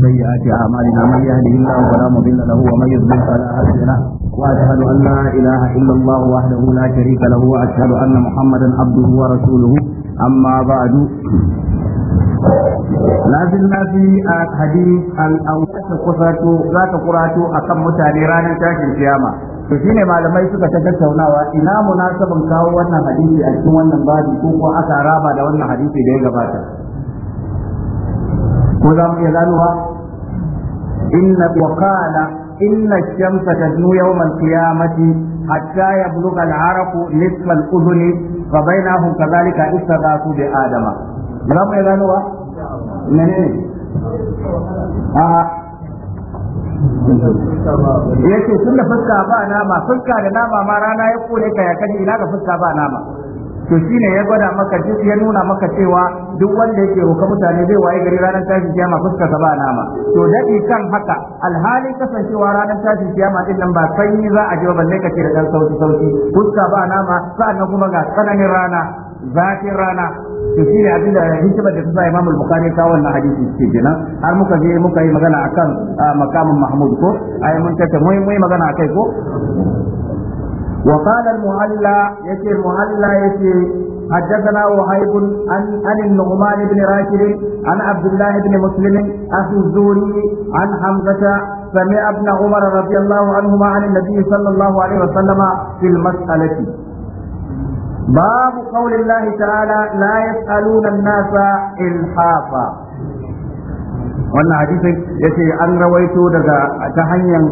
سيئات أعمالنا من يهده الله فلا مضل له ومن يضلل فلا هادي له وأشهد أن لا إله إلا الله وحده لا شريك له وأشهد أن محمدا عبده ورسوله أما بعد lazin lafi a hadis al'awar ta kusato za ta kurato a kan mutane ranar tashin kiyama to shine malamai suka ta tattaunawa ina munasaban kawo wannan hadisi a cikin wannan babi ko ko aka raba da wannan hadisi da ya gabata ko za mu iya ganowa inna waqala inna ash-shamsa taznu yawm al-qiyamati hatta yablugha al-araqu nisf al-udhuni fa bainahum kadhalika istaghathu bi adama za mu iya ganowa menene a yace tun da fuska ba nama fuska da nama ma rana ya kore ka ya kaji ina ga fuska ba nama to ne ya gwada maka duk ya nuna maka cewa duk wanda yake roka mutane zai waye gari ranar tashin kiyama fuska ta ba nama to dadi kan haka alhali kasancewa ranar tashin kiyama din nan ba sanyi za a ji ba balle kace da dan sauki sauki fuska ba nama sa'annan kuma ga tsananin rana zafin rana to shine abin da hikimar da ta sa Imam Bukhari ta wannan hadisi ce kenan har muka je muka yi magana akan ah, makamin Mahmud ko ai mun tace mu yi magana akai ko وقال المعلى يتي المعلى يتي حدثنا وهيب عن عن النعمان بن راشد عن عبد الله بن مسلم اخي الزوري عن حمزه سمع ابن عمر رضي الله عنهما عن النبي صلى الله عليه وسلم في المساله باب قول الله تعالى لا يسالون الناس الحافا wannan hadisin ce an rawaito daga ta hanyar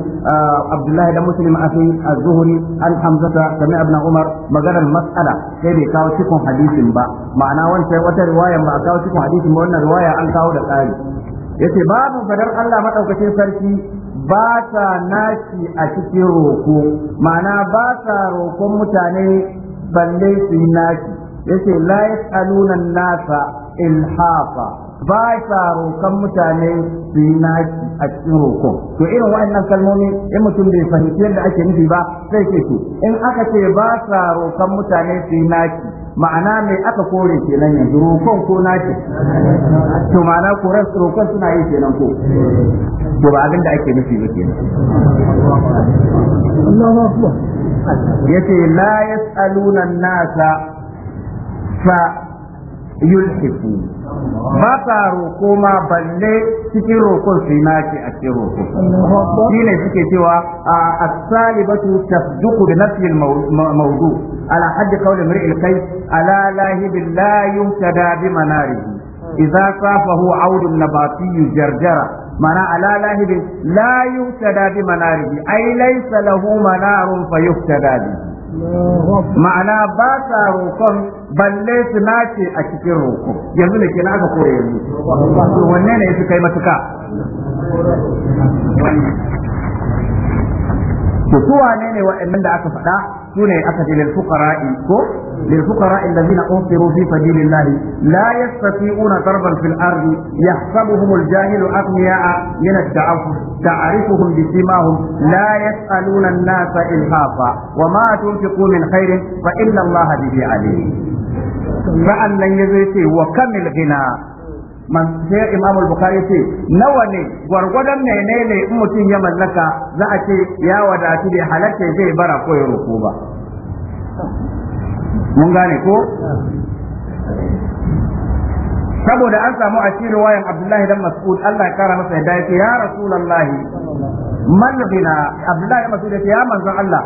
Abdullahi da Muslim a a zuhri an Hamzata sami ibn Umar maganar mas'ala sai bai kawo cikin hadisin ba ma'ana wancan wata riwaya ba a kawo cikin hadisin ba wannan riwaya an kawo da tsari Ya yace babu fadar Allah maɗaukacin sarki ba ta nashi a cikin roko ma'ana ba ta rokon mutane balle su yi nashi ce la yas'aluna nasa ilhafa ba sa roƙon mutane su yi naki a cikin roƙon to irin wa'annan kalmomi in mutum bai fahimci yadda ake nufi ba sai ke su in aka ce ba sa roƙon mutane su yi naki ma'ana mai aka kore kenan yanzu roƙon ko naki to ma'ana koran roƙon suna yi kenan ko to ba abin da ake nufi ba kenan Allahu yace la yas'aluna an-nasa fa yulhifu ba sa roko ma balle cikin rokon su yi naci a cikin roko shi ne suke cewa a ba su bi da al maudu ala haddi qawli mar'i al ala lahi billahi yumtada bi manarihi idza safahu audun nabati jarjara mana ala lahi la yumtada bi manarihi ay laysa lahu manarun fayuftada bihi ma'ana ba sa roƙon balle su nace a cikin roƙo yanzu ne ke aka kore yanzu wanne ne su kai matuka to su wane ne waɗannan da aka faɗa su ne aka ce lil fuqara'i ko lil fuqara'i allazina unfiru fi sabilillah la yastati'una darban fil ardi yahsabuhum al jahilu aghniya'a min ad da'af ta'rifuhum bi simahum la yas'aluna an-nasa ilhafa wa ma tunfiqu min khairin fa inna allaha bihi alim sa'an nan yazo yace wa kamil ghina man sai Imam al-Bukhari ce nawa ne gwargwadon menene in mutum ya mallaka za a ce ya wadatu da halatta zai bara ko ya roko ba mun gane ko saboda an samu asiri wayan Abdullahi dan Mas'ud Allah ya kara masa hidayah ya Rasulullahi man bina Abdullahi Mas'ud ya manzon Allah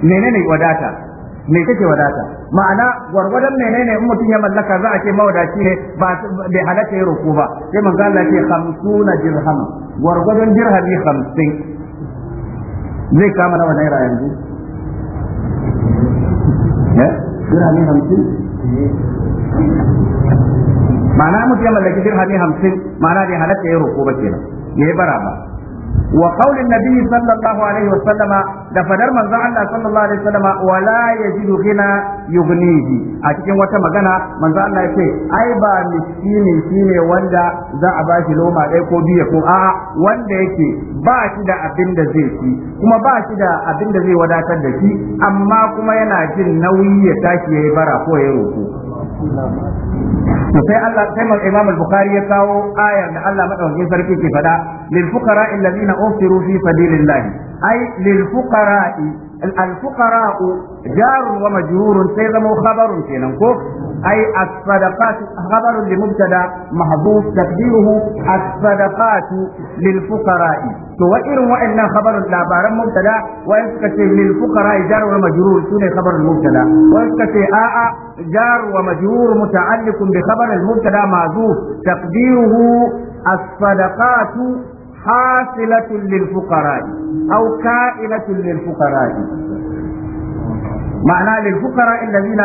menene wadata me kake wadata ma'ana gwargwadon menene in mutum ya mallaka za a ce mawadaci ne ba bai halatta ya roko ba sai manzo Allah ce 50 dirham gwargwadon dirhami 50 zai kama nawa naira yanzu eh dirhami 50 ma'ana mutum ya mallaki dirhami 50 ma'ana bai halatta ya roko ba kenan ya yi bara ba wa qaulin nabiyyi sallallahu alaihi wa sallama da fadar manzo Allah sallallahu alaihi wa sallama wa la yajidu ghina yughnihi a cikin wata magana manzo Allah ce, ai ba miskini ne wanda za a ba shi loma dai ko biya ko A'a wanda yake ba shi da abin da zai ci kuma ba shi da abin da zai wadatar da shi amma kuma yana jin nauyi ya tashi yayi bara ko yayi roko to sai Allah sai mal Imam al-Bukhari ya kawo ayar da Allah madaukakin sarki ke fada lil fuqara alladhina usiru fi sabilillah ai lil fuqara al-fuqara jar wa majrur sai zama khabarun kenan ko ai as-sadaqat khabarun li mubtada mahdhuf taqdiruhu as-sadaqat lil fuqara to wa irin wa'annan khabarin labaran mubtada wa suka ce lil fuqara jar wa majrur sune khabarin mubtada wa suka ce a a jar wa majrur muta'alliqun bi khabar al mubtada ma'zuf taqdiruhu as-sadaqat حاصلة للفقراء أو كائنة للفقراء معنى للفقراء الذين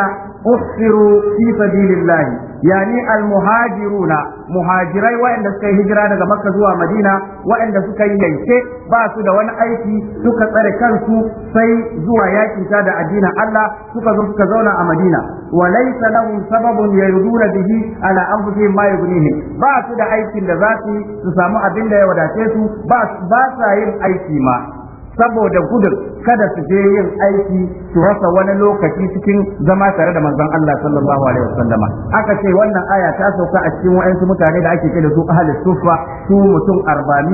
أحصروا في سبيل الله يعني المهاجرون مهاجري وإن سكي هجرة daga Makka zuwa Madina waɗanda suka yi yanke ba su da wani aiki suka tsare kansu sai zuwa yakin ta da addinin Allah suka zo suka zauna a Madina wa laysa lahum sababun yarduna bihi ala anfusihim ma yughnihim ba su da aikin da za su su samu abin da ya wadace su ba ba sa yin aiki ma saboda gudun kada su je yin aiki su rasa wani lokaci cikin zama tare da manzon Allah sallallahu alaihi wasallam aka ce wannan aya ta sauka a cikin wayansu mutane da ake kira su ahli sufa su mutum 400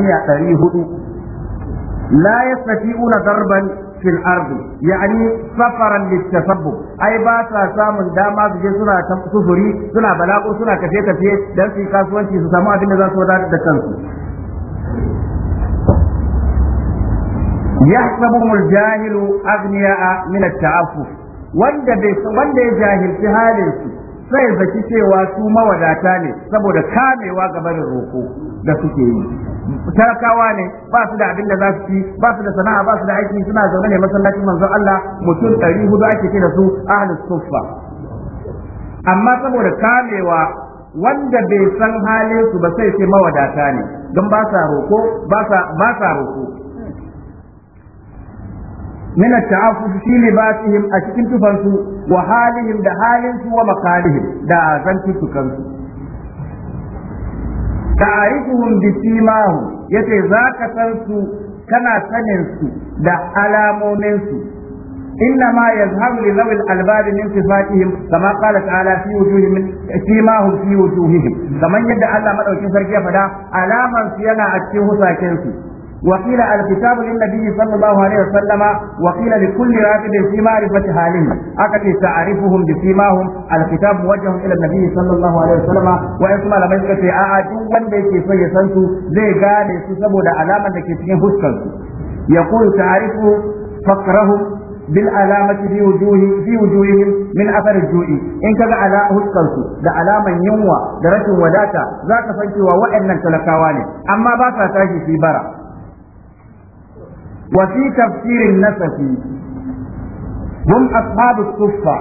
la yastati'una darban fil ardi yani safaran littattafabu, ai ba sa samun dama su je suna sufuri suna bala'u, suna kafe kafe dan su kasuwanci su samu abin da za su da kansu يحسبهم الجاهل أغنياء من التعفف wanda bai wanda ya jahilci halin su sai zaki cewa su mawadata ne saboda kamewa gabanin roko da suke yi talakawa ne ba su da abin da za su ci ba su da sana'a ba su da aiki suna zaune ne masallacin manzon Allah mutum ɗari hudu ake kira da su ahlus suffa amma saboda kamewa wanda bai san halin su ba sai ce mawadata ne don ba sa roko ba sa ba sa roko من التعفف في لباسهم أشكين تفنسو وحالهم ده حالهم ومقالهم ده أزنتي تكنسو تعرفهم بسيماهم يتزاك تنسو كما سننسو ده ألامومنسو إنما يظهر لذوي الألباب من صفاتهم كما قال تعالى في وجوههم سيماهم في وجوههم كما يدعى الله مدعو كفر كيف ده ألاما سينا أكيه ساكنسو وقيل الكتاب للنبي صلى الله عليه وسلم وقيل لكل راغب في معرفة حالهم أكد تعرفهم بسيماهم الكتاب موجه إلى النبي صلى الله عليه وسلم وإسمى لما يسكت آعاتوا وان بيكي سيسنسوا زي قال سسبوا لعلامة لكتين هسكنسوا يقول تعرف فقرهم بالعلامة في وجوه في وجوههم من أثر الجوع إن كذا على هسكنسو ده علامة ينوى ده رشن وداتا ذاك فانتوا وإن تلكاواني أما باسا تاجي في برا وفي تفسير النسفي هم أصحاب الصفة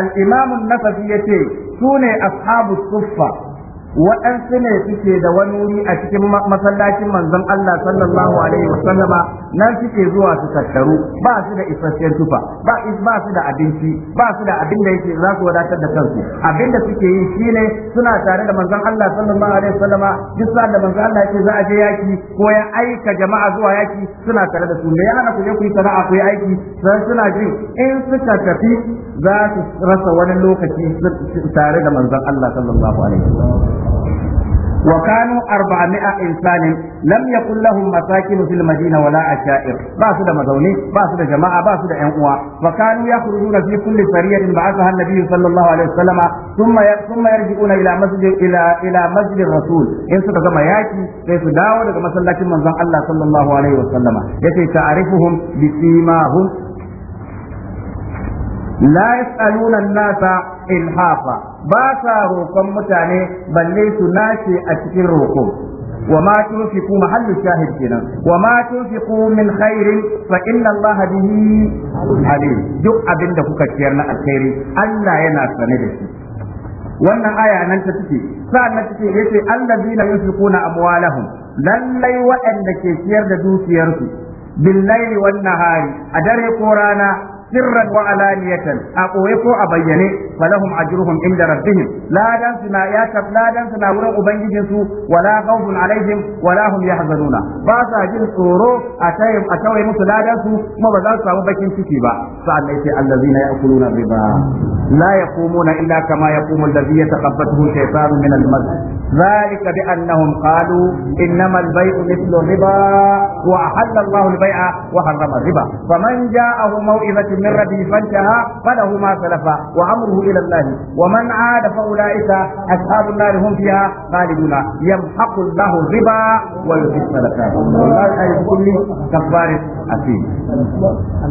الإمام النسفي يتي سوني أصحاب الصفة waɗansu ne suke da wani wuri a cikin masallacin manzon Allah sallallahu alaihi wasallama nan suke zuwa su tattaru ba su da isasshen tufa ba ba su da abinci ba su da abin da yake za su wadatar da kansu abin da suke yi shine suna tare da manzon Allah sallallahu alaihi wasallama duk da manzon Allah yake za a je yaki ko ya aika jama'a zuwa yaki suna tare da su me ya hana ku je ku yi sana'a ku yi aiki sai suna jin in suka tafi za su rasa wani lokaci tare da manzon Allah sallallahu alaihi Sallama. وكانوا أربعمائة إنسان لم يكن لهم مساكن في المدينة ولا عشائر باسد مزوني باسد جماعة باسد أنقوى وكانوا يخرجون في كل سرية بعثها النبي صلى الله عليه وسلم ثم ثم يرجعون إلى مسجد إلى إلى مسجد الرسول إن سبق ما يأتي ليس داود كما صلى الله عليه وسلم الله صلى الله عليه وسلم يتي تعرفهم بسيماهم la yas'aluna an-nasa ilhafa ba sa roƙon mutane balle su nace a cikin roƙo وما تنفقوا محل الشاهد كنا وما تنفقوا من خير فإن الله به عليم duk abinda kuka ciyar na alkhairi Allah yana sane da shi wannan aya nan ta take sa'an nan take yace allazina yunfiquna amwalahum lallai waɗanda ke ciyar da dukiyarsu billaili wannan nahari a dare ko rana sirran wa alaniyatan a ko a bayyane falahum ajruhum inda rabbihim ladan suna ya wurin ubangijin su wala khawfun alaihim wala ba sa jin tsoro a a tawaye musu ladan su ba za su samu bakin ciki ba sa'an sai kama ذلك بأنهم قالوا إنما البيع مثل الربا وأحل الله البيع وحرم الربا فمن جاءه من ربه فانتهى فله ما سلف وأمره إلى الله ومن عاد فأولئك أصحاب النار هم فيها خالدون يمحق الله الربا ويحب الصدقات والله كفار asim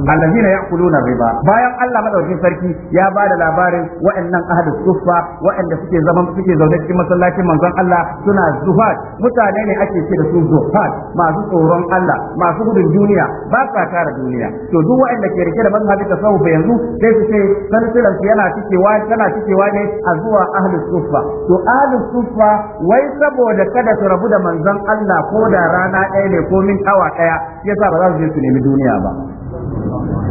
na ya'kuluna riba bayan Allah madaukakin sarki ya ba da labarin waɗannan ahadus suffa wa'anda suke zaman suke zaune cikin masallacin manzon Allah suna zuhad mutane ne ake ce da su zuhad masu tsoron Allah masu gudun duniya ba sa tara duniya to duk waɗanda ke rike da mazhabi tasawuf yanzu sai su ce su yana cikewa tana cikewa ne a zuwa ahli suffa to ahli suffa wai saboda kada su rabu da manzon Allah ko da rana ɗaya ne ko min awa ɗaya yasa ba za su je su ne nemi duniya ba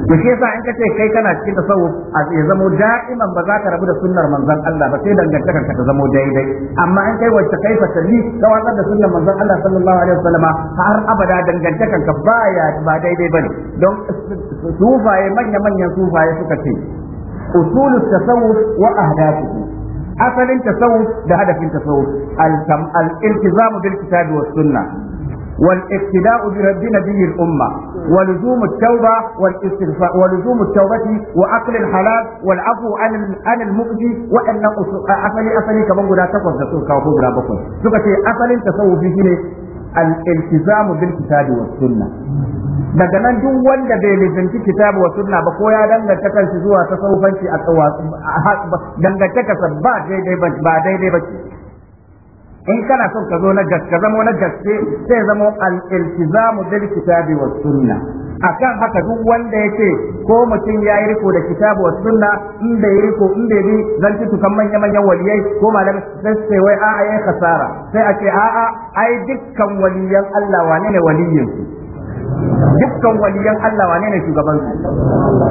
da shi yasa in kace kai kana cikin tasawuf a ya zamo da'iman ba za ka rabu da sunnar manzon Allah ba sai dangantakar ka ta zamo daidai amma in kai wacce kai fatalli ka watsar da sunnar manzon Allah sallallahu alaihi wasallam har abada dangantakar ka baya ba daidai bane don sufaye manya manyan sufaye suka ce usulut tasawuf wa ahdathuhu asalin tasawuf da hadafin tasawuf al-iltizamu bil kitabi was sunnah والاقتداء بنبي الأمة ولزوم التوبة والاستغفار ولزوم التوبة وأكل الحلال والعفو عن عن المؤذي وأن أصلي أصلي كمان قد تقص دكتور كوكو قد بكون سكتي أصلي تصوف فيه الالتزام بالكتاب والسنة daga nan duk wanda bai lizinci kitabu wa sunna ba ko ya danganta kansa zuwa tasawufanci a dangantaka ba daidai ba daidai ba ce in kana son ka zo na gaske zamo na gaske sai zamo al-iltizamu bil kitabi was sunna akan haka duk wanda yake ko mutum ya yi riko da kitabu was sunna in bai yi riko in bai bi zan ci tukan manya manyan waliyai ko malamai sai sai wai a'a yayi khasara sai a ce a'a ai dukkan waliyan Allah wane ne waliyin dukkan waliyan Allah wane ne shugaban su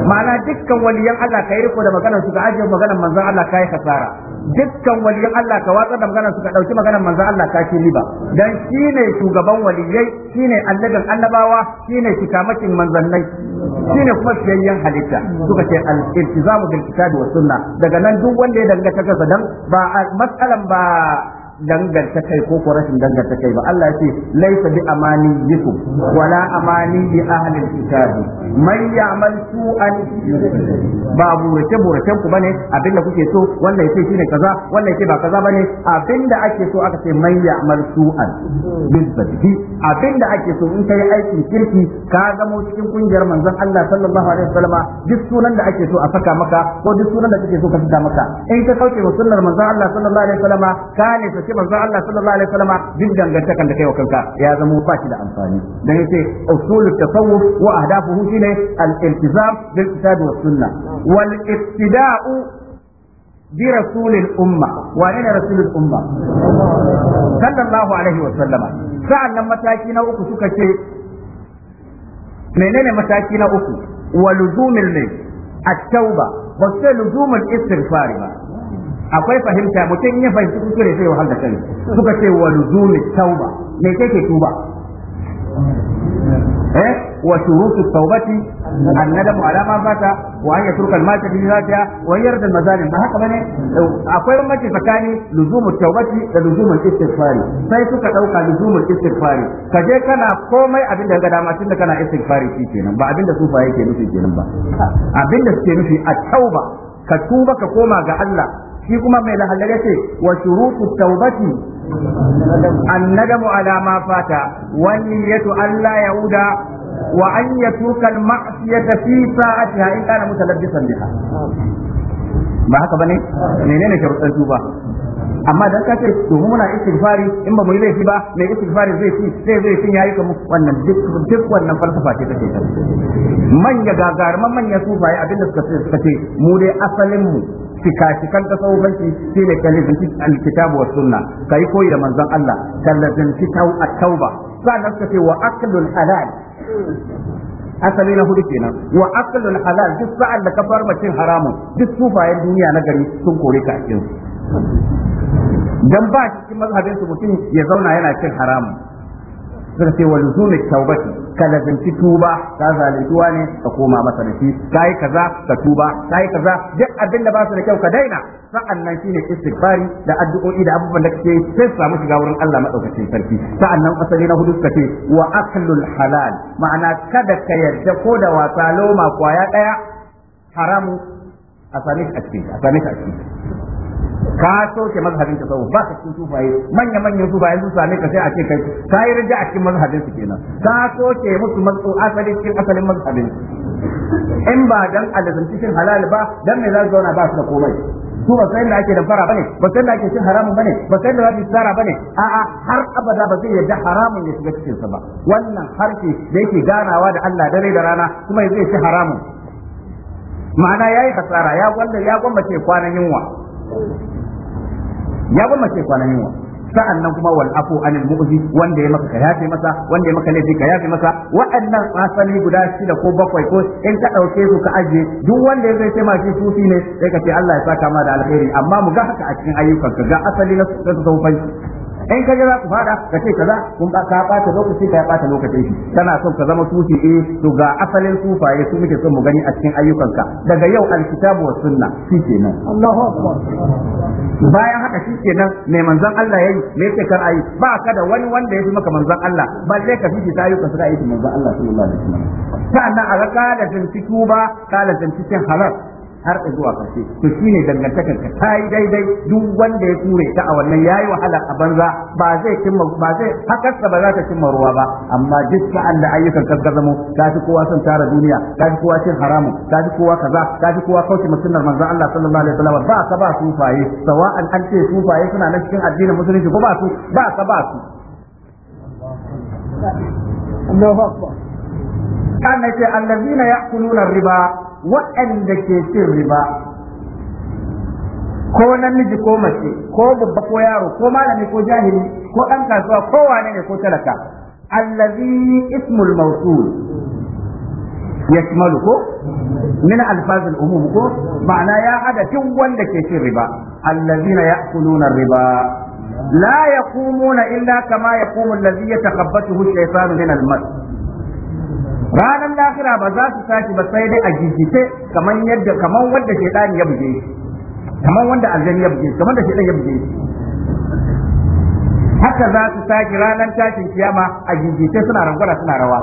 ma'ana dukkan waliyan Allah kai riko da maganar su ka ajiye maganar manzon Allah kai kasara dukkan waliyan Allah ka watsa da maganar su ka dauki maganar manzon Allah ka ce riba dan shine shugaban waliyai shine annabin annabawa shine kitamakin manzannai shine kuma siyayyen halitta suka ce al-iltizamu bil kitabi wa sunna daga nan duk wanda ya ta kansa dan ba mas'alan ba danganta kai ko ko rashin danganta kai ba Allah yake laisa bi yiku wala amani bi ahli alkitab man ya'mal su'an ba wace burace ku bane abinda kuke so wannan yake shine kaza wannan yake ba kaza bane abinda ake so aka ce man ya'mal su'an bizbati abinda ake so in kai aikin kirki ka zamo cikin kungiyar manzon Allah sallallahu alaihi wasallam duk sunan da ake so a saka maka ko duk sunan da kake so ka saka maka in ka kauce wa sunnar manzon Allah sallallahu alaihi wasallam ka ne zalunci manzon Allah sallallahu alaihi wasallam duk dangantakan da kai wa kanka ya zama ba shi da amfani dan yace usulut tasawuf wa ahdafuhu shine al-iltizam bil kitab wa sunnah wal ittida'u برسول الأمة وأين رسول الأمة صلى الله عليه وسلم سألنا متاكين أكو سكتي منين متاكين أكو ولزوم الميت التوبة بس لزوم الاستغفار ba. akwai fahimta mutum ya fahimci kuskure sai wahal da kai suka ce wa luzumi tauba me kake tuba eh wa shurutu an annadamu ala ma fata wa an yatruka al-mata fi zatiha wa yarda al-mazalim ba haka bane akwai mace tsakani luzumu tawbati da luzumu istighfari sai suka dauka luzumu istighfari ka je kana komai abinda ga dama tunda kana istighfari shi kenan ba abinda da sufa yake nufi kenan ba Abinda suke nufi a tauba ka tuba ka koma ga Allah shi kuma mai lahallar ce wa shurutu taubati annadamu ala ma fata wa niyyatu alla yauda wa an yatruka al-ma'siyata fi sa'atiha in kana mutalabbisan biha ba haka bane menene sharuɗan tuba amma dan ka ce domin muna istighfari in ba mu yi laifi ba mai istighfari zai ci zai zai cin yayi kamu wannan duk duk wannan falsafa ce take ta manya gagaruman manya sufaye abinda suka ce mu dai asalin mu fikafikan tasawufanci shi ne kalizanci alkitabu wa sunna kai koyi da manzon Allah kalizanci tauba sannan ka ce wa aklul halal asali na hudu kenan wa aklul halal duk sa'an da ka bar cin haramun duk sufayen duniya na gari sun kore ka a cikin dan ba cikin mazhabin su mutum ya zauna yana cin haramun suka ce wa luzumi ka lazanci tuba ka zaluntuwa ne ka koma masa da shi kai kaza ka tuba kai kaza duk abin da ba su da kyau ka daina sa'annan shine istighfari da addu'o'i da abubuwan da kake sai samu shiga wurin Allah madaukakin sarki sa'annan asali na hudu suka ce wa aklul halal ma'ana kada ka yarda ko da wasa loma kwaya daya haramu a same a cikin a sami shi a cikin ka soke mazhabin tasawuf ba ka cikin sufaye manya manya sufaye su same ka sai a ce kai ka yi rija a cikin mazhabin su kenan ka soke musu mazu asali cikin asalin mazhabin in ba dan alazanci cikin halal ba dan me za su zauna ba su da komai su ba sai da ake da fara bane ba sai da ake cin haramun bane ba sai da za su tsara bane a'a har abada ba zai yarda haramun ya shiga cikin sa ba wannan harshe da yake ganawa da Allah dare da rana kuma zai ci haramun ma'ana yayi kasara ya gwanda ya gwammace kwanan yunwa ya mace kwanan yunwa sa'an nan kuma wal afu anil mu'zi wanda ya maka kayafe masa wanda ya maka laifi kayafe masa waɗannan asali guda shida ko bakwai ko in ka ɗauke su ka ajiye duk wanda ya zai ce mashi sufi ne sai ka ce Allah ya saka ma da alheri amma mu ga haka a cikin ayyukan ka ga asali na in ka za ku fada ka ce kaza kun ba ka bata lokaci ka ya bata lokacin shi kana son ka zama sufi eh to ga asalin sufaye su muke son mu gani a cikin ayyukanka daga yau alkitabu wa sunna shikenan Allahu akbar bayan haka shi kenan mai manzon Allah yayi me yake kar ayi ba ka da wani wanda ya fi maka manzon Allah balle ka fi ta ayyukan sa ayyukan manzon Allah sallallahu alaihi wasallam sannan a ga kala zanci tuba kala zanci halal har zuwa kashe to shine dangantakar ka ta yi daidai duk wanda ya kure ta a wannan yayi wahala a banza ba zai cimma ba zai hakarsa ba za ta cimma ruwa ba amma duk an da ayyukan ka zamo ka fi kowa son tara duniya ka fi kowa cin haramun ka fi kowa kaza ka fi kowa kauce musulmar manzon Allah sallallahu alaihi wasallam ba ka ba sufaye sawa'an an ce sufaye suna na cikin addinin musulunci ko ba su ba ka ba su Allahu akbar kan ce allazina ya'kuluna riba waɗanda ke cin riba ko namiji ko mace ko babba ko yaro ko malami ko jahili ko ɗan kasuwa ko wane ne ko talaka allazi ismul mawsul yashmalu ko min alfazil umum ko ma'ana ya hada duk wanda ke cin riba allazina ya'kuluna riba la yaqumuna illa kama yaqumu allazi yatakhabbathu ash-shaytanu min al-mas ranar lahira ba za su tashi ba sai dai a gigice kamar yadda kamar wanda dani ya buge shi kamar wanda aljani ya buge kamar da shedan ya buge shi haka za su tashi ranar tashin kiyama a gigice suna rangwara suna rawa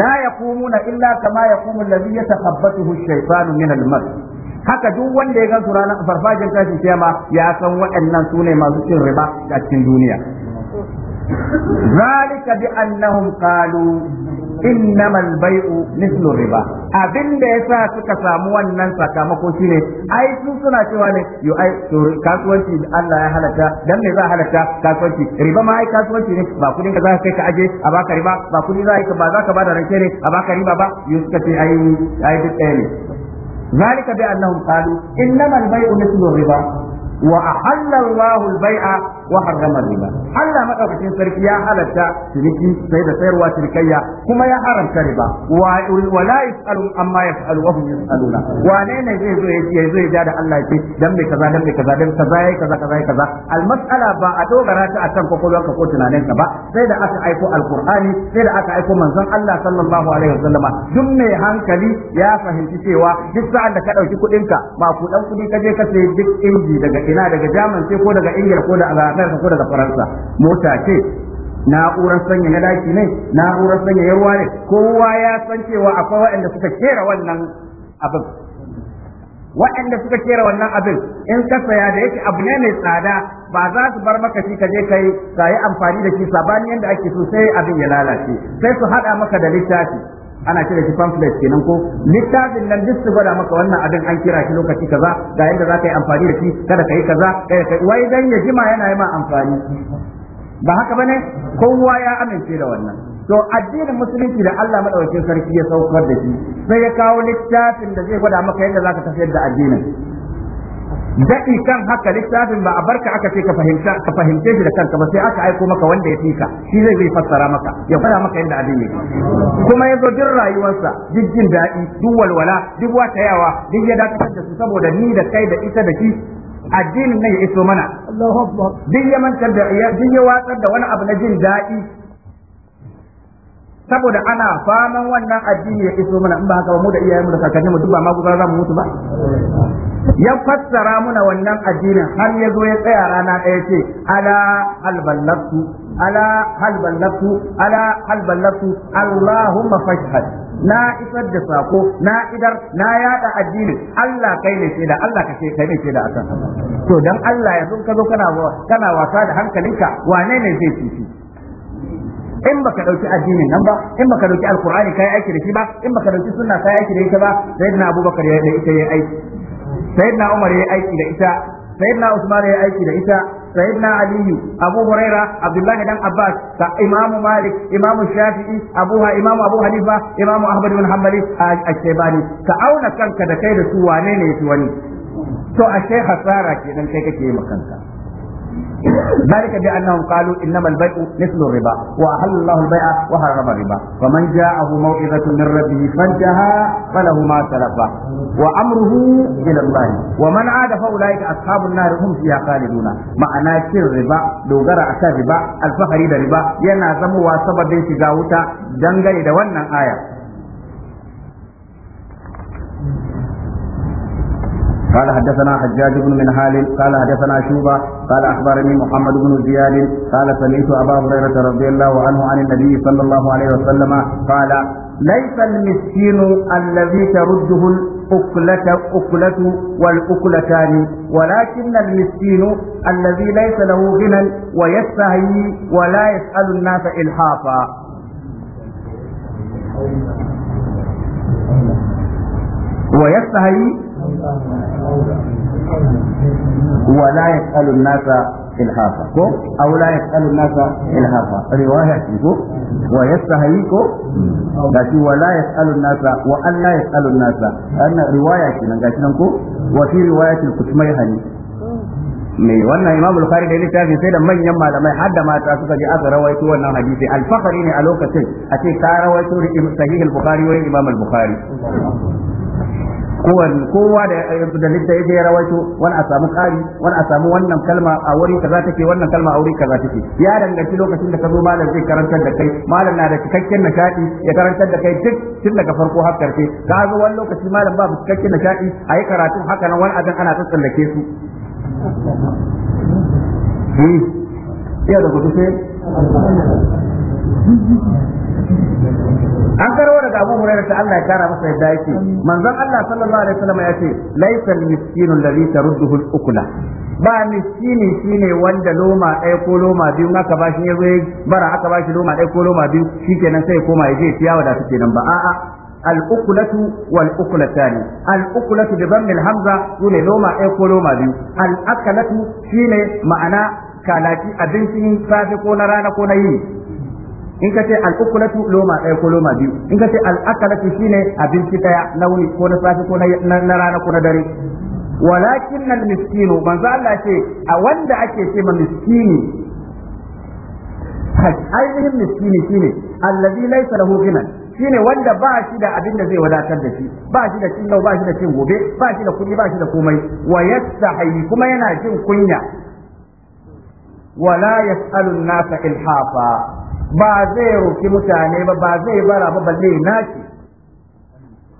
la yaqumuna illa kama yaqumu alladhi yatakhabbathu ash-shaytanu min al-mas haka duk wanda ya gansu ranar farfajin tashin kiyama ya san waɗannan su masu cin riba a cikin duniya bi annahum qalu innamal bai'u mislu riba abinda yasa suka samu wannan sakamako shine ai su suna cewa ne yo ai kasuwanci Allah ya halatta dan me za halatta kasuwanci riba ma ai kasuwanci ne ba kudin za ka kai ka aje a baka riba ba kudi za ka ba za ka bada rance ne a baka riba ba yo suka ce ai ai duk ɗaya ne ذلك بأنهم قالوا إنما البيع مثل الربا وأحل الله البيع wa harrama riba Allah madaukakin sarki ya halarta ciniki sai da sayarwa cinikayya kuma ya haramta riba wa la amma yasalu wa hum yasaluna wane zai zo ya zo ya da Allah ce dan me kaza dan kaza dan kaza yayi kaza kaza yayi kaza al mas'ala ba a dogara ta akan kokolwan ka ko tunanin ba sai da aka aiko Alkur'ani, sai da aka aiko manzon Allah sallallahu alaihi wasallama duk mai hankali ya fahimci cewa duk sa'an da ka ɗauki kudin ka ba ku dan kudi ka je ka sayi duk inji daga ina daga Jamus ko daga Ingila ko da ka ko daga Faransa mota ce na'urar sanya na daki ne na'urar sanya ya ruwa ne kowa ya san cewa akwai waɗanda suka kera wannan abin waɗanda suka kera wannan abin in ka saya da yake abu ne mai tsada ba za su bar maka shi ka je kai ka yi amfani da shi sabani yadda ake so sai abin ya lalace sai su haɗa maka da littafi ana kira shi pamphlet kenan ko littafin nan duk su gwada maka wannan abin an kira shi lokaci kaza ga yadda za ka yi amfani da shi kada ka yi kaza kada ka wai dan ya jima yana yi ma amfani ba haka bane kowa ya amince da wannan to addinin musulunci da Allah madaukakin sarki ya saukar da shi sai ya kawo littafin da zai gwada maka yadda za ka tafiyar da addinin daɗi kan haka littafin ba a barka aka ce ka fahimce shi da kanka ba sai aka aiko maka wanda ya fika shi zai zai fassara maka ya fara maka yadda abin yake kuma ya zo duk rayuwarsa duk jin daɗi duk walwala duk wata yawa duk ya dakatar da su saboda ni da kai da ita da shi addinin nan ya iso mana duk ya mantar ya watsar da wani abu na jin daɗi saboda ana faman wannan addini ya iso mana in ba haka ba mu da iyayen mu da kakanninmu duk ba ma za mu mutu ba ya fassara muna wannan addinin har ya zo ya tsaya rana ɗaya ce ala hal ballagtu ala hal ala hal allahumma fashhad na isar da sako na idar na yada addinin Allah kai ne shaida Allah ka kai ne shaida akan to dan Allah yanzu ka zo kana kana wasa da hankalinka wane ne zai fifi in baka dauki addinin nan ba in baka dauki alqur'ani kai aiki da shi ba in baka suna sunna kai aiki da ita ba sayyidina abubakar ya da ita ya aiki sayyidina umar ya aiki da ita sayyidina usman ya aiki da ita sayyidina aliyu abu huraira abdullahi dan abbas ta imamu malik imamu shafi'i abu imamu abu hanifa imamu Ahmadu bin hanbali al ka auna kanka da kai da su wane ne su wani to ashe hasara ke kenan kai kake yi kanka ذلك بأنهم قالوا إنما البيع مثل الربا وأحل الله البيع وحرم الربا فمن جاءه موعظة من ربه فانتهى فله ما سلف وأمره إلى الله ومن عاد فأولئك أصحاب النار هم فيها خالدون معنى كل ربا لو جرى الربا الفخري الربا ينازم وسبب شجاوتا دنجل دوانا آية قال حدثنا حجاج بن منهال قال حدثنا شوبة قال أخبرني محمد بن زياد قال سمعت أبا هريرة رضي الله عنه عن النبي صلى الله عليه وسلم قال ليس المسكين الذي ترده الأكلة أكلة والأكلتان ولكن المسكين الذي ليس له غنى ويستهي ولا يسأل الناس إلحافا ويستهي ولا يسأل الناس الحافة أو لا يسأل الناس الحافة رواية كو ويستحيي لكن ولا يسأل الناس وأن لا يسأل الناس أن رواية كنا وفي رواية القسمية هني mai wannan imam bukhari da littafin sai da manyan malamai har da mata suka ji aka rawaito wannan hadisi alfakari ne a lokacin a ce ka rawaito da sahih al-bukhari wa imam al-bukhari kowani kowa da da lidda yake ya rawaito wani a samu kari wani a samu wannan kalma a wuri kaza take wannan kalma a wuri kaza take ya danganci lokacin da ka zo malam zai karantar da kai malam na da cikakken nishadi ya karantar da kai duk tun daga farko har karshe ka zo wani lokaci malam babu cikakken nishadi a yi karatun haka nan wani adan ana tsallake su hmm. iya da gudu sai an karo daga Abu Hurairah ta Allah ya kara masa yadda yake manzon Allah sallallahu alaihi wasallam ya ce laisa al-miskinu alladhi tarudduhu al-ukla ba miskini shine wanda loma ɗaya ko loma biyu aka bashi ya bara aka bashi loma ɗaya ko loma biyu shikenan sai ya koma ya je ciyawa da suke nan ba a'a dhammi Hamza sune yule ɗaya يقول ko loma biyu al الأكلة shine ma'ana kalaki abincin safe ko na rana ko na yini in ka ce al'ukulatu loma ɗaya ko loma biyu in ka ce al'akalatu shine abinci ɗaya na wuni ko na safi ko na rana ko na dare walakin nan miskinu manzo Allah ce a wanda ake ce ma miskini ainihin miskini shine allazi laysa lahu shi shine wanda ba shi da abin da zai wadatar da shi ba shi da cin yau ba shi da cin gobe ba shi da kuɗi ba shi da komai wa yastahi kuma yana jin kunya wala yas'alu an-nasa ilhafa ba zai roki mutane ba ba zai bara ba balle naki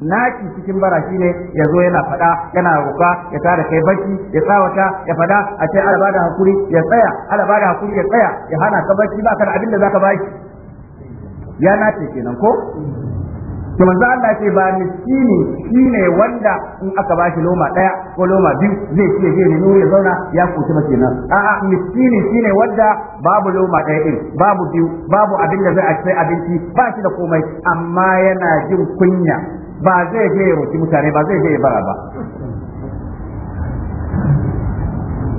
naki cikin bara ne. ya zo yana fada yana roka ya tara kai bacci ya tsawata ya fada a ce alaba da hakuri ya tsaya alaba da hakuri ya tsaya ya hana ka bacci ba ka da abin da zaka bashi ya nace kenan ko to manzo Allah ce ba miskini shine wanda in aka shi loma daya ko loma biyu zai ce zai ne ya zauna ya kuce mace nan a'a miskini shine wanda babu loma daya din babu biyu babu abin da zai a sai abinci ba shi da komai amma yana jin kunya ba zai je ya roki mutane ba zai je ya bara ba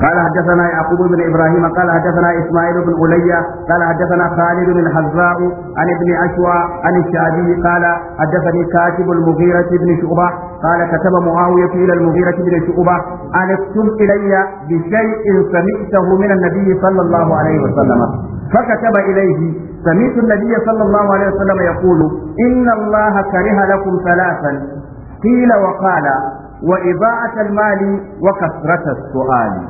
قال حدثنا يعقوب بن ابراهيم قال حدثنا اسماعيل بن علي قال حدثنا خالد بن الحذاء عن ابن اشوى عن الشعبي قال حدثني كاتب المغيرة بن شعبة قال كتب معاوية الى المغيرة بن شعبة ان اكتب الي بشيء سمعته من النبي صلى الله عليه وسلم فكتب اليه سمعت النبي صلى الله عليه وسلم يقول ان الله كره لكم ثلاثا قيل وقال وإضاعة المال وكثرة السؤال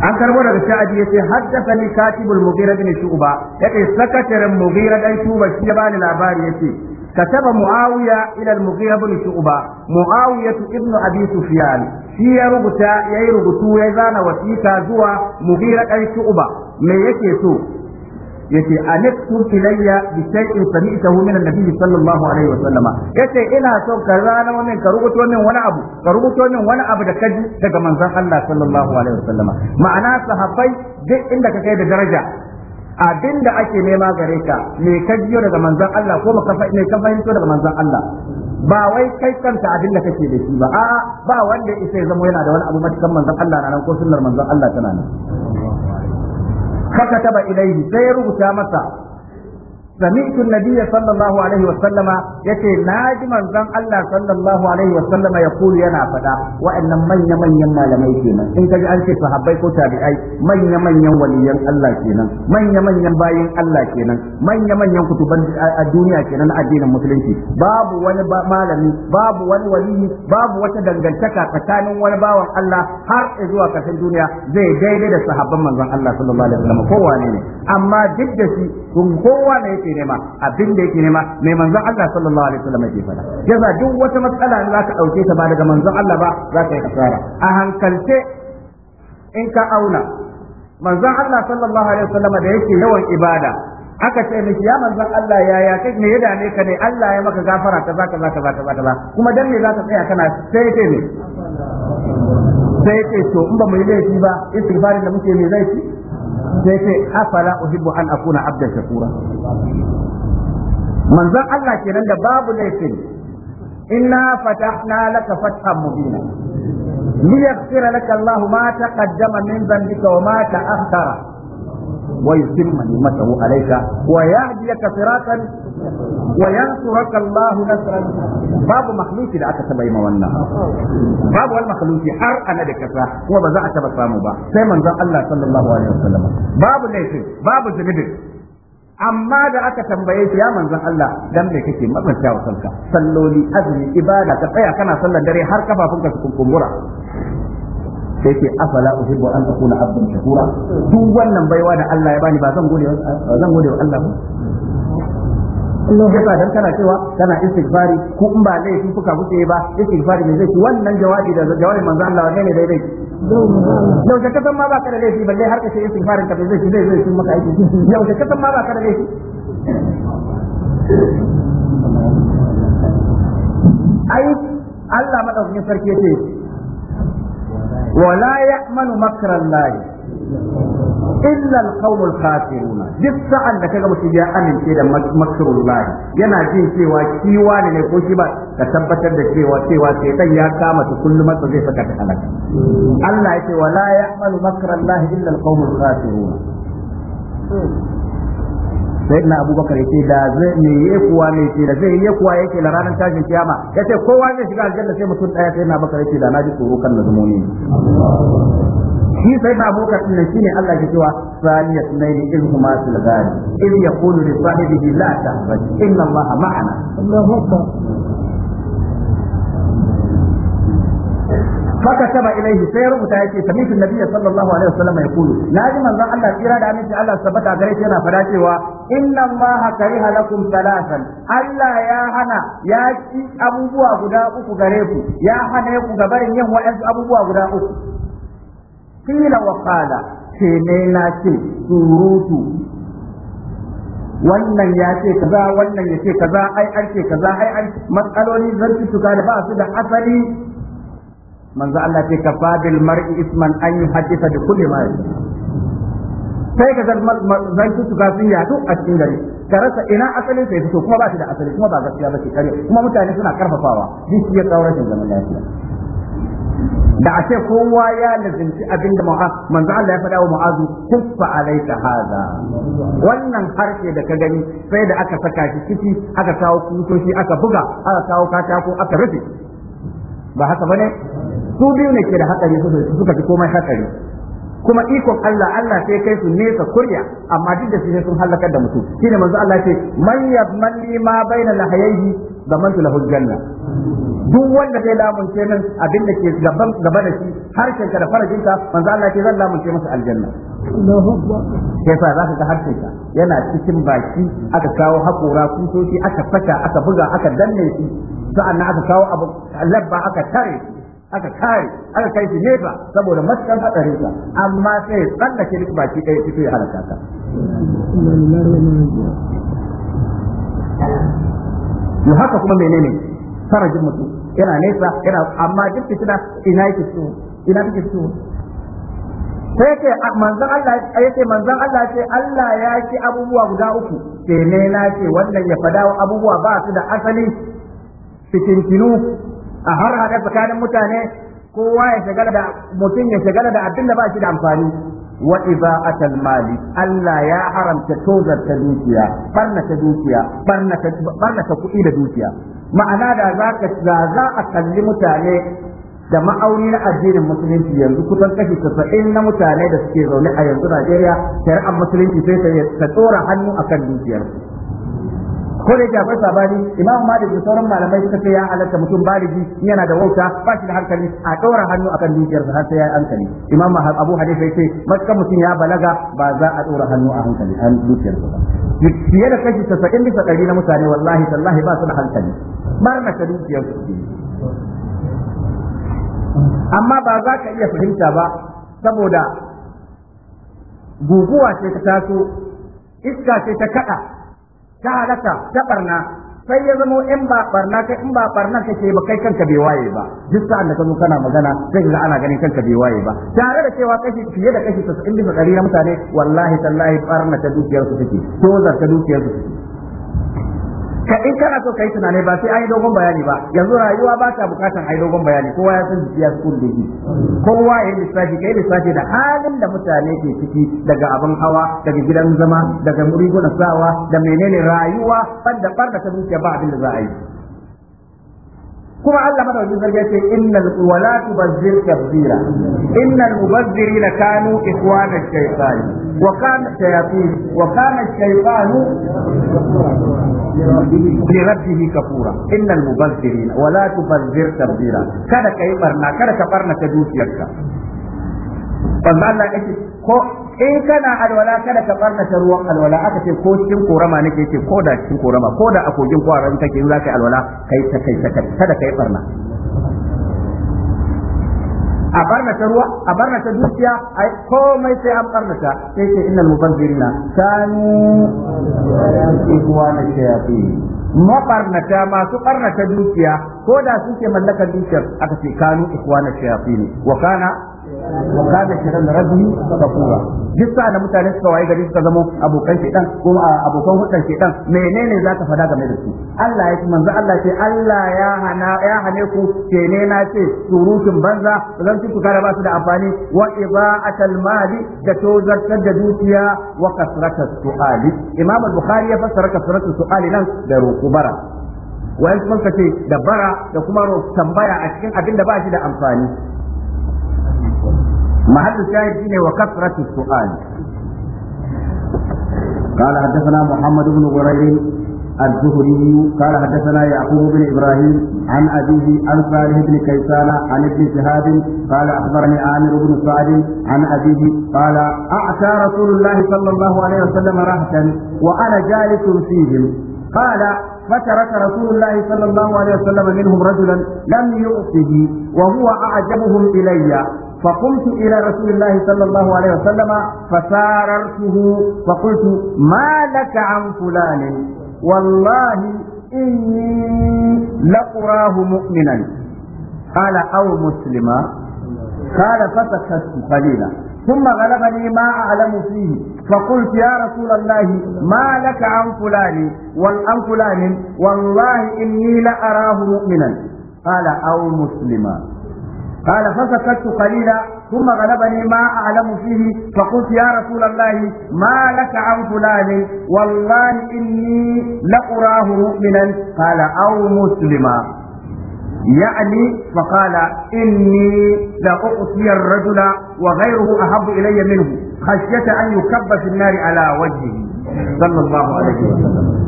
an karbo daga sha'adi ya ce haddasani katibul mughira bin shu'ba yake sakataren mughira dan shu'ba shi ya bani labari yace kataba muawiya ilal al mughira bin shu'ba muawiya ibn abi sufyan shi ya rubuta yayi rubutu ya zana wasiqa zuwa mughira dan shu'ba me yake so yace anaktum ilayya bi shay'in sami'tahu min an-nabi sallallahu alaihi wa sallama yace ina son ka rana min ka rubuto min wani abu ka rubuto min wani abu da kaji daga manzon Allah sallallahu alaihi wa sallama ma'ana sahabbai duk inda ka kai da daraja abin da ake nema gare ka me ka jiyo daga manzon Allah ko me ka fahimto daga manzon Allah ba wai kai kanta abin da kake da shi ba a'a ba wanda isa ya zama yana da wani abu matakan manzon Allah na nan ko sunnar manzon Allah tana nan fakataba ilaihi sai ya rubuta masa سمعت النبي صلى الله عليه وسلم يتي ناجي من زن الله صلى الله عليه وسلم يقول ينا فدا وان من من يما لمي كينا ان كجي انت صحابي كو تابعي من من ين وليا الله كينا من من ين باي الله كينا من من ين كتبان الدنيا كينا الدين المسلمي باب وان با babu wani waliyi babu wata dangantaka tsakanin wani bawan Allah har zuwa kasan duniya zai daidai da sahabban manzon Allah sallallahu alaihi wasallam kowa ne amma duk da shi kun kowa ne yake nema abin da yake nema mai manzon Allah sallallahu alaihi wasallam yake fada yasa duk wata matsala da zaka dauke ta ba daga manzon Allah ba zaka yi kasara a hankalce in ka auna manzon Allah sallallahu alaihi wasallam da yake yawan ibada aka ce miki ya manzon Allah ya ya kai ne yada ne ka ne Allah ya maka gafara ta zaka zaka zaka zaka ba kuma dan me zaka tsaya kana sai kai ne sai ce to in ba mu yi laifi ba istighfarin da muke me zai ci sai ce afala uhibbu an akuna abdan shakura manzon Allah kenan da babu laifin inna fatahna laka fathan mubina liyaghfira laka Allah ma taqaddama min dhanbika wa ma ta'akhkhara ويتم نعمته عليك ويهديك صراطا وينصرك الله نصرا باب مخلوق da aka taba yi ma wannan babu wani makhluki har ana da kasa kuma ba za a taba samu ba sai manzon Allah sallallahu alaihi wasallam babu laifin babu zunubin amma da aka tambaye shi ya manzon Allah dan me kake mabanta wa kanka salloli azumi ibada ka tsaya kana sallar dare har kafafunka su kumbura sai ce afala uhibbu an akuna abdan shakura duk wannan baiwa da Allah ya bani ba zan gode ba zan gode wa Allah ba ya dan kana cewa kana istighfari ko in ba laifin fuka kuke ba istighfari ne zai ci wannan jawabi da jawabi manzo Allah ne dai yau da kasan ma ba ka da laifi balle har ka ce istighfarin ka zai ci zai zai maka aiki yau da kasan ma ba ka da laifi ai Allah madaukakin sarki yake ولا يأمن مكر الله illa alqaumul kafirun duk sa'an da kaga mutum ya amince da makrullahi yana jin cewa kiwa ne ko shi ka tabbatar da cewa cewa sai ya kama ta kullum sa zai saka ta halaka Allah yake wala ya'malu makrallahi illa alqaumul kafirun sai ina abubakar ya ce da zai me ya kuwa ne ce da zai ya kuwa ce da ranar tashin kiyama ya ce kowa zai shiga aljanna sai mutum daya sai na Abubakar ya ce da na ji tsoro kan nazumuni shi sai na abubakar din nan shine Allah ke cewa saniya ya tunani huma fil ghadi ya yaqulu li sahibihi la tahzan inna Allah ma'ana فكتب إليه سيرب تأتي سميت النبي صلى الله عليه وسلم يقول لازم أن الله إرادة أن الله ثبت أدريتنا فلاتي إن الله كره لكم ثلاثا ألا يا هنا يا أبو بوا غدا أكو غريبو يا هنا يكو غبرين يهو أبو بوا غدا أكو قيل وقال ce سوروتو wannan ya ce kaza wannan ya ce kaza ai an ce kaza ai an matsaloli zartuka da ba su da asali manzo Allah ce ka Fadil, mar'i isman an yuhaddisa bi kulli ma sai ka zan zanki su ga sun yadu a cikin gari ka rasa ina asalin sai fito kuma ba shi da asali kuma ba gaskiya ba ce kare kuma mutane suna karfafawa din shi ya kawo rashin zaman lafiya da a ce kowa ya lazimci abinda mu'az manzo Allah ya faɗa wa mu'azu kuffa alayka hadha wannan harshe da ka gani sai da aka saka shi ciki aka kawo kusoshi aka buga aka kawo katako aka rufe ba haka bane su biyu ne ke da hatsari suka fi komai hatsari kuma ikon Allah Allah sai kai su nesa kurya amma duk da sai sun halakar da mutum shine manzo Allah ce man yabman li ma baina lahayhi da man lahu janna duk wanda zai lamunce min abin da ke gaban gaba da shi harshen ka da farajin ka manzo Allah ce zan lamunce masa aljanna Allahu akbar sai fa zaka ga harshen ka yana cikin baki aka kawo hakora kusoshi aka fata aka buga aka danne sa'an na aka kawo abu labba aka tare aka kare aka kai shi nefa saboda matukan hatsarin sa amma sai ya tsallake duk baki ɗaya cikin ya halaka ta mu haka kuma menene farajin mutum yana nesa yana amma duk suna ina yake so ina take so sai yake manzon Allah yake manzon Allah ce Allah ya ki abubuwa guda uku sai ne na ce wannan ya fada abubuwa ba su da asali fitintinu a har haɗe tsakanin mutane kowa ya shagala da mutum ya shagala da abin da ba shi da amfani wa atal mali Allah ya haramta tozar ta dukiya barna ta dukiya barna ta kuɗi da dukiya ma'ana da za ka za a kalli mutane da ma'auni na addinin musulunci yanzu kusan kashi casa'in na mutane da suke zaune a yanzu Najeriya shari'ar musulunci sai ta tsora hannu akan dukiyarsu ko da yake akwai sabani imam malik da sauran malamai suka ce ya halatta mutum baligi yana da wauta ba shi da hankali a ɗora hannu akan dukiyarsa har sai ya hankali imam abu hanifa yace matakan mutum ya balaga ba za a ɗora hannu a hankali an dukiyarsa ba fiye da kashi 90 bisa ɗari na mutane wallahi tallahi ba su da hankali barna dukiyar dukiyarsu amma ba za ka iya fahimta ba saboda guguwa ce ta taso iska ce ta kaɗa. ta halaka ta barna sai ya zamo in ba barna kai in ba barna kake ba kai kanka bai waye ba duk sa'an da ka zo kana magana zai ga ana ganin kanka bai waye ba tare da cewa kashi fiye da kashi 90 bisa ɗari na mutane wallahi tallahi barna ta dukiyar su take tozar ta dukiyar su take ka in kana so kai tunani ba sai ai yi dogon bayani ba yanzu rayuwa ba ta bukatan ai dogon bayani kowa ya san jiki ya sukun da kowa ya lissafi kai lissafi da halin da mutane ke ciki daga abin hawa daga gidan zama daga murigunan sawa da menene rayuwa banda barka ta dukiya ba abin da za a yi kuma Allah madaukakin sarki ce innal wala tubazzir tabzira innal mubazzirina kanu ikhwana ash-shaytan wa kana shayatin wa kana ash-shaytan li rabbih kafura innal mubazzirina wala tubazzir tabzira kada kai barna kada ka barna ta dukiyarka manzo Allah yake ko in kana alwala kada ka barnata ruwan alwala aka ce ko cikin korama nake ce ko da cikin korama ko da a kogin kwara in kake za ka yi alwala kai ta kai ta kada kai barna a barnata ruwa a barnata dukiya ai komai sai an barnata sai ce innal mubazzirina kanu ikwana ma mabarnata masu barnata dukiya ko da suke mallakar dukiyar aka ce kanu ikwana ne wa kana wa kana shiran rabbi kafura duk sa da mutane suka waye gari suka zama abokan shedan ko abokan hudan shedan menene zaka fada game da su Allah ya manzo Allah ce Allah ya hana hane ku kene na ce surutun banza zan ci ku kare ba da amfani wa ibaatul mali da tozartar da dukiya wa kasratus su'ali Imam bukhari ya fassara kasratus su'ali nan da rukubara wayan kuma ce da bara da kuma tambaya a cikin abin da ba shi da amfani محل الشاهد فيه وكثرة السؤال قال حدثنا محمد بن غرير الزهري قال حدثنا يعقوب بن ابراهيم عن ابيه عن صالح بن كيسان عن ابن شهاب قال اخبرني عامر بن سعد عن ابيه قال اعتى رسول الله صلى الله عليه وسلم رهتا وانا جالس فيهم قال فترك رسول الله صلى الله عليه وسلم منهم رجلا لم يؤته وهو اعجبهم الي فقمت إلى رسول الله صلى الله عليه وسلم فساررته فقلت ما لك عن فلان والله إني لأراه مؤمنا قال أو مسلما قال فسكت قليلا ثم غلبني ما أعلم فيه فقلت يا رسول الله ما لك عن فلان وعن فلان والله إني لأراه مؤمنا قال أو مسلما قال فسكت قليلا ثم غلبني ما أعلم فيه فقلت يا رسول الله ما لك عن فلان والله إني لأراه مؤمنا قال أو مسلما يعني فقال إني لأعطي الرجل وغيره أحب إلي منه خشية أن يكب في النار على وجهه صلى الله عليه وسلم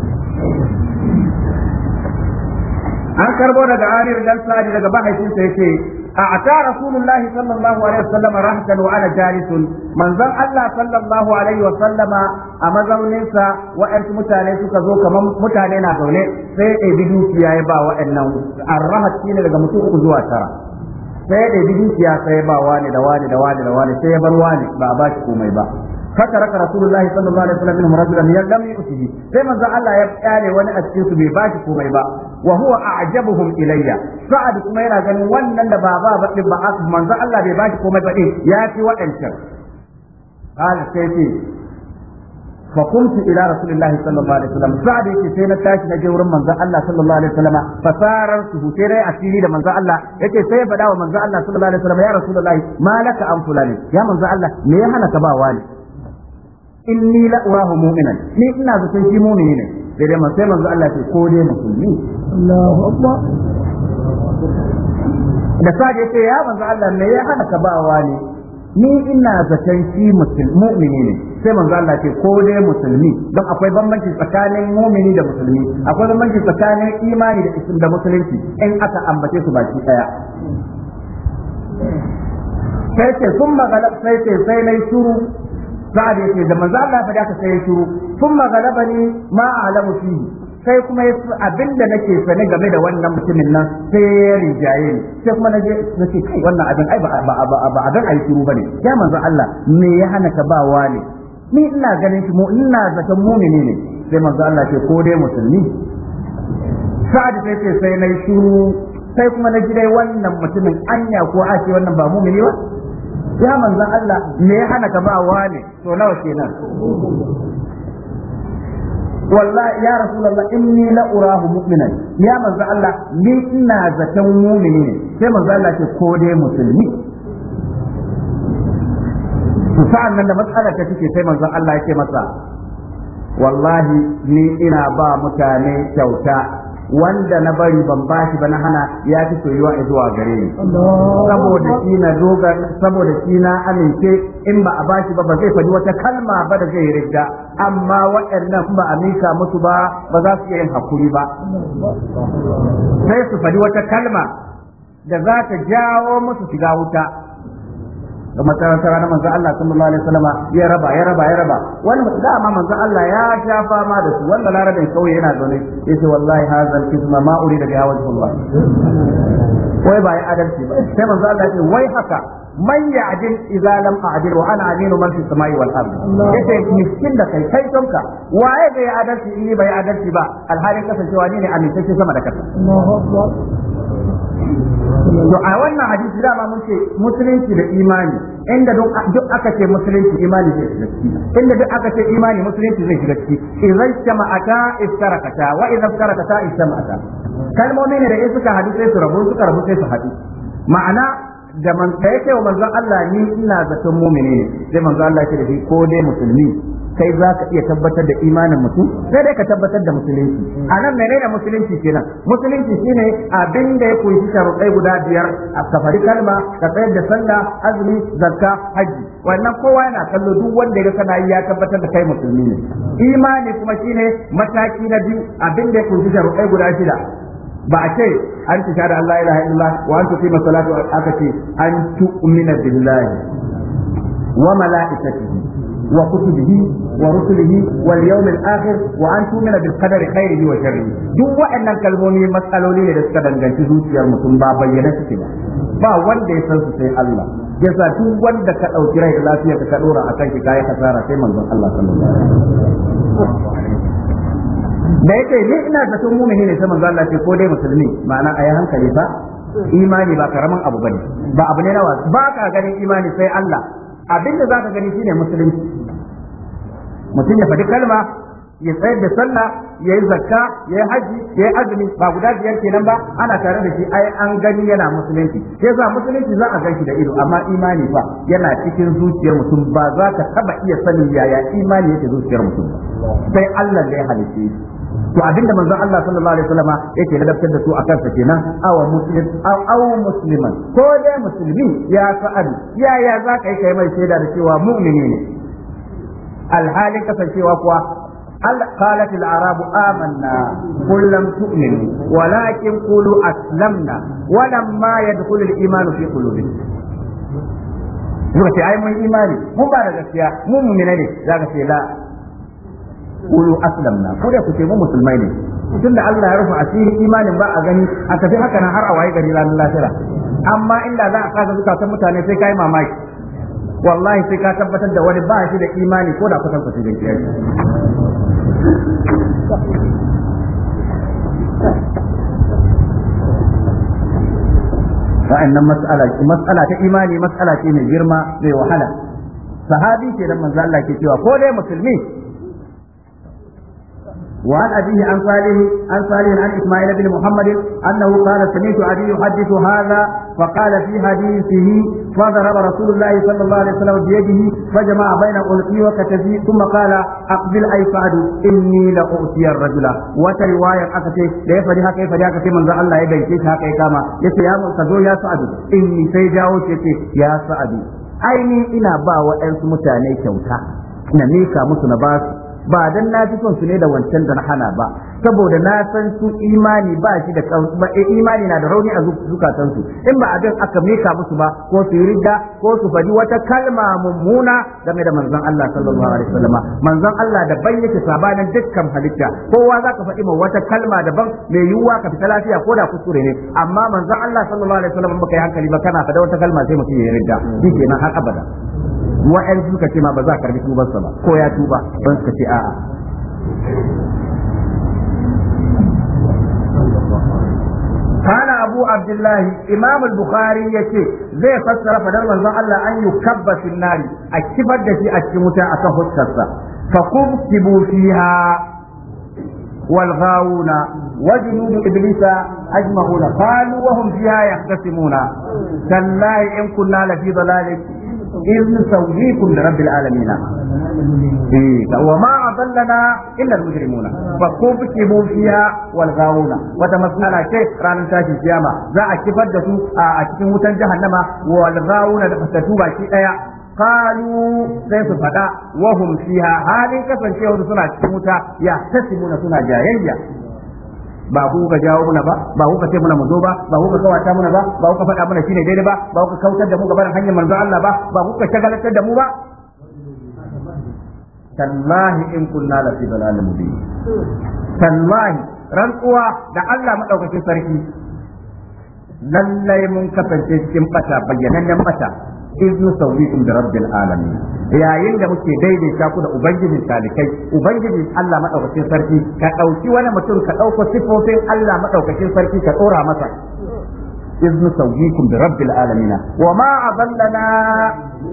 an karbo daga ariyar dan sadi daga mahaifinsa yake أعطى رسول الله صلى الله عليه وسلم رهدا وأنا جالس من ظن الله صلى الله عليه وسلم أما زونيسا وأنت متعليس كذوك زوكا متاني نازوني سي إبدو كيا يبا وأنه الرهد كينا لغا متوقع زوا ترى sai ya ɗebi dukiya واني دواني دواني دواني da واني da wani da فترك رسول الله صلى الله عليه وسلم منهم رجلا لم يؤته كما ذا الله يبقى وني اتكين سو بي باشي كومي وهو اعجبهم الي سعد كما yana ganin wannan da baba ba din ba asu Allah bai bashi komai ba din yafi wadancan قال سيدي فقمت الى رسول الله صلى الله عليه وسلم سعد yake sai na tashi na je wurin manzo Allah sallallahu alaihi wasallam fasarar su sai dai asiri da manzo Allah yake sai ya faɗa wa manzo Allah sallallahu alaihi wasallam ya rasulullahi malaka an fulani ya manzo Allah me ya hana ba wani inni la wa mu'minan ni ina zaton shi mu'mini ne sai dai sai manzo Allah ce ko dai musulmi Allahu akbar da ya ce ya manzo Allah me ya hana ka ba wani ni ina zaton shi mu'mini ne sai manzo Allah ce ko dai musulmi don akwai bambanci tsakanin mu'mini da musulmi akwai bambanci tsakanin imani da islam da musulunci in aka ambace su baki daya sai ce sun magana sai ce sai nai shuru sa'ad yake da manzo Allah fa da ka sai shiru thumma galabani ma a'lamu fihi sai kuma abin abinda nake sani game da wannan mutumin nan sai ya rijaye ni sai kuma naje nace kai wannan abin ai ba ba abin ai shiru bane ya manzo Allah me ya hana ka ba wani ni ina ganin shi mu ina zaton mumini ne sai manzo Allah ce ko dai musulmi sa'ad sai ce sai nayi shiru sai kuma na ji dai wannan mutumin anya ko a ce wannan ba mumini ba ya manzan Allah me ya hana ka ba wani to nawa kenan wallahi ya rasulullah inni la urahu mu'minan ya manzo Allah ni ina zaton mu'mini ne sai manzo Allah ke ko dai musulmi to sa'an nan da matsalar ta take sai manzo Allah yake masa wallahi ni ina ba mutane kyauta wanda na bari ban bashi ba na hana ya fi soyuwa zuwa gare ni saboda shi na doga saboda shi na amince in ba a bashi ba ba zai faɗi wata kalma ba da zai rigga amma waɗannan ba a mika musu ba ba za su iya yin hakuri ba sai su faɗi wata kalma da za ta jawo musu shiga wuta ga masarar na manzon Allah sallallahu alaihi wasallam ya raba ya raba ya raba wani dama manzon Allah ya sha fama da su wannan larabin kauye yana zaune yace wallahi hazal kisma ma urida bi wajhullah wai ba ya adalci ba sai manzon Allah ya wai haka man ya'dil idza lam a'dil wa ana aminu man fis samai wal ard yace miskin da kai kai tonka waye bai adalci ni bai adalci ba alhalin kasancewa ne ne amintacce sama da kasa to a wannan hadisi dama mun ce musulunci da imani inda duk aka ce musulunci imani zai shiga ciki inda duk aka ce imani musulunci zai shiga ciki idan jama'ata istarakata wa idan istarakata istama'ata kalmomi ne da in suka hadu sai su rabu suka rabu sai su hadu ma'ana da man da yake wa manzon Allah ni ina zaton mu'mini ne sai manzon Allah ya ce da shi ko dai musulmi kai za ka iya tabbatar da imanin mutum sai dai ka tabbatar da musulunci a nan menene musulunci kenan musulunci shine abin da ya kunshi sharuɗai guda biyar a safari kalma ka tsayar da sallah azumi zakka haji wannan kowa yana kallo duk wanda ya kana ya tabbatar da kai musulmi ne imani kuma shine mataki na biyu abin da ya kunshi sharuɗai guda shida ba a ce an ci da Allah ilaha illallah wa an tuqima salatu aka ce an tu'mina billahi wa mala'ikatihi وكتبه ورسله واليوم الآخر وأن تؤمن بالقدر خيره وشره duk waɗannan kalmomi matsaloli ne da suka danganci zuciyar mutum ba bayyana suke ba ba wanda ya san su sai Allah yasa duk wanda ka ɗauki rai da lafiya ka ɗora a kanki kayi hasara sai manzon Allah sallallahu alaihi da yake ni ina zaton mumini ne sai manzo Allah ko dai musulmi ma'ana ayi hankali ba imani ba karaman abu bane ba abu ne nawa ba ka ganin imani sai Allah abinda ka gani shine musulunci mutum ya faɗi kalma ya tsayar da sallah ya yi zakka ya yi haji ya yi azumi ba guda biyar kenan ba ana tare da shi ai an gani yana musulunci sai za musulunci za a ganshi da ido amma imani ba yana cikin zuciyar mutum ba za ka taba iya sanin yaya imani yake zuciyar mutum sai Allah ne ya halice shi to abinda manzo Allah sallallahu alaihi wasallama yake ladabtar da su a kansa kenan awa muslim aw aw musliman ko dai musulmi ya fa'al yaya za ka yi kai mai shaida da cewa mu'mini ne alhalin kasancewa kuwa قالت الأعراب آمنا قل لم تؤمنوا ولكن قولوا أسلمنا ولما يدخل الإيمان في قلوبكم suka ce ai mun imani mun ba da gaskiya mun mumina ne za ka ce la qulu aslamna ko da kuke mun musulmai ne tunda Allah ya rufe asiri imanin ba a gani a tafi haka nan har a waye gari ranar lafiya amma inda za a kasa zukatan mutane sai kai mamaki wallahi sai ka tabbatar da wani ba shi da imani ko da kusan kusa da kiyaye wa'annan mas'ala mas'ala ta imani mas'ala ce mai girma mai wahala sahabi ke nan manzo Allah ke cewa ko dai musulmi an أبيه عن صالح عن صالح عن إسماعيل بن محمد أنه قال سمعت أبي يحدث هذا فقال في حديثه فضرب رسول الله صلى الله عليه وسلم بيده فجمع بين عنقي وكتفي ثم قال أقبل أي فعد إني لأؤتي الرجل وترواية أكتي لا يفدي هكا يفدي هكا في منزع الله يبين كيف هكا يكاما يسي يا مرتزو يا سعد إني سيجاوش يا سعد أيني إنا با وأنس متاني كوتا na mika musu na basu ba dan na fi son su ne da wancan da na hana ba saboda na san su imani ba shi da ba eh, imani na da rauni a zukatan su in ba abin aka mika musu ba ko su ridda ko su faɗi wata kalma mummuna game da manzon Allah sallallahu alaihi wasallam manzon Allah da ban yake sabanin dukkan halitta kowa zaka faɗi ma wata kalma daban mai yiwuwa ka fita lafiya ko da kuskure ne amma manzon Allah sallallahu alaihi wasallam baka yi hankali ba kana faɗa wata kalma sai mutum ya ridda shi kenan har abada wa'an suka ce ma ba za ka karbi tubarsa ba ko ya tuba ban ka ce a'a abu abdullahi imam al-bukhari zai fassara fadar manzon Allah an yukabba fil nari a kifar da shi a cikin wuta akan huskarsa fa kubtibu fiha wal ghawuna وجنود إبليس أجمعون قالوا وهم فيها يختصمون تالله إن كنا لفي ضلال إذ نسويكم برب العالمين وما أضلنا إلا المجرمون فكبكبوا فيها والغاوون وتمسنا شيء رانا تاجي القيامة ذا أكفر دسو أكفر موتا جهنم والغاوون فتتوبة شيئا قالوا سيف فدا وهم فيها هذه كفن شيء سنة موتا يحتسبون سنة جاهلية ba ku ka jawo muna ba ba ku ka ce muna mu ba ba ku ka kawata muna ba ba ku ka faɗa muna shine daidai ba ba ku ka kautar da mu gaban hanyar manzo Allah ba ba ku ka shagalatar da mu ba tallahi in kunna la fi dalal mubin tallahi rantsuwa da Allah madaukakin sarki lallai mun kasance cikin bata bayyanannen bata iz nusawwikum da rabbil alamin yayin da muke daidaita ku da ubangijin talikai ubangijin Allah madaukakin sarki ka dauki wani mutum ka dauko sifofin Allah madaukakin sarki ka tsora masa iz nusawwikum da rabbil alamin wa ma adallana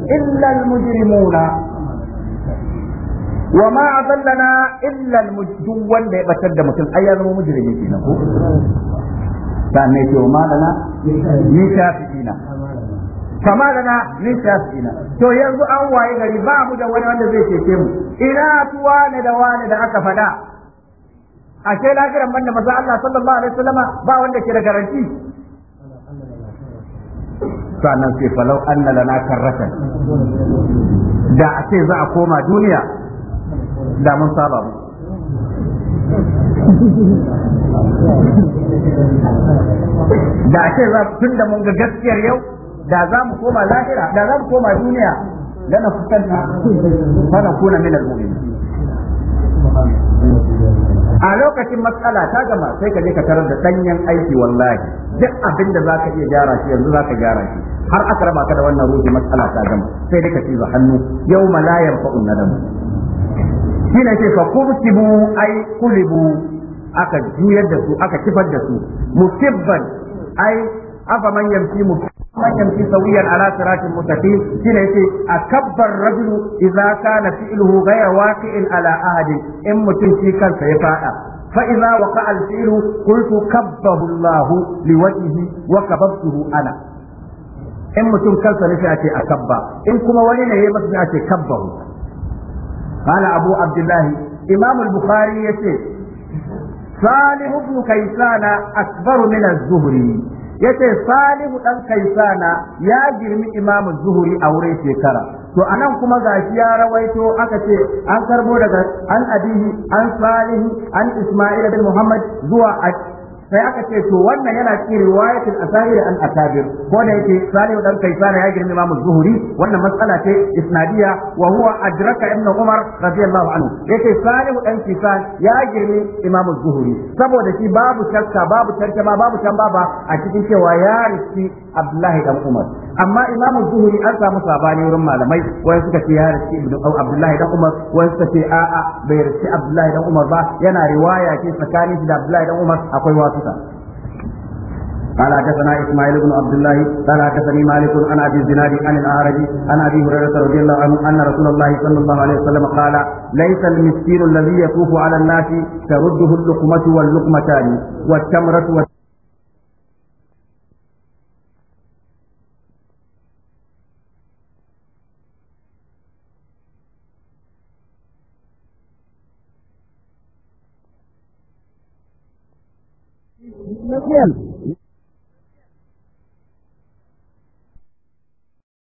illa al mujrimuna wa ma adallana illa al mujrim wanda ya batar da mutum ai ma ni fama lana min ina. to yanzu an waye gari ba mu da wani wanda zai cece mu ina tuwa ne da wani da aka faɗa ashe lahiran banda maza Allah sallallahu alaihi wasallama ba wanda ke da garanti sannan sai falau anna lana karratan da a ce za a koma duniya da mun saba mu da a ce za tun da mun ga gaskiyar yau da za mu koma lahira da za mu koma duniya lana fukanna fana kuna min al a lokacin matsala ta gama sai ka je ka tarar da danyen aiki wallahi duk abin da zaka iya gyara shi yanzu zaka gyara shi har aka raba ka da wannan ruhi matsala ta gama sai dai ka ci ba hannu yau malayan fa'un nadam na ce fa kubtibu ai kulibu aka juyar da su aka kifar da su musibban ai afa man yamshi ما يمشي سويا على صراط مستقيم شنو يتي أكبر الرجل إذا كان فعله غير واقع على أحد إن متمشي كان سيفاء فإذا وقع الفعل قلت كبه الله لوجهه وكببته أنا إن متم كان سيفاء أكبر إن كما ولينا هي مسنا كبه قال أبو عبد الله إمام البخاري يتي صالح بن كيسان أكبر من الزهري yace salihu dan kaisana ya girmi imamu zuhuri a wurin shekara to anan kuma gashi ya rawaito aka ce an karbo daga an adihi an salihu an isma'ila bin muhammad zuwa sai aka ce to wannan yana cikin riwayatul asahir an akabir ko da yake salihu dan Kaisara ya girmi imamu zuhuri wannan matsala ce isnadiya wa huwa adraka ibn umar radiyallahu anhu yake salihu dan kaisan ya girme imamu zuhuri saboda shi babu shakka babu tantama babu tambaba a cikin cewa ya riski abdullahi dan umar amma imamu zuhuri an samu sabani wurin malamai wai suka ce ya riski ibn abdullahi dan umar wai suka ce a'a bai riski abdullahi dan umar ba yana riwaya ce tsakanin da abdullahi dan umar akwai wasu uwansa قال حدثنا اسماعيل بن عبد الله قال حدثني مالك عن ابي الزناد عن الاعرج عن ابي هريره رضي الله عنه ان رسول الله صلى الله عليه وسلم قال ليس المسكين الذي يطوف على الناس ترده اللقمه واللقمتان والتمره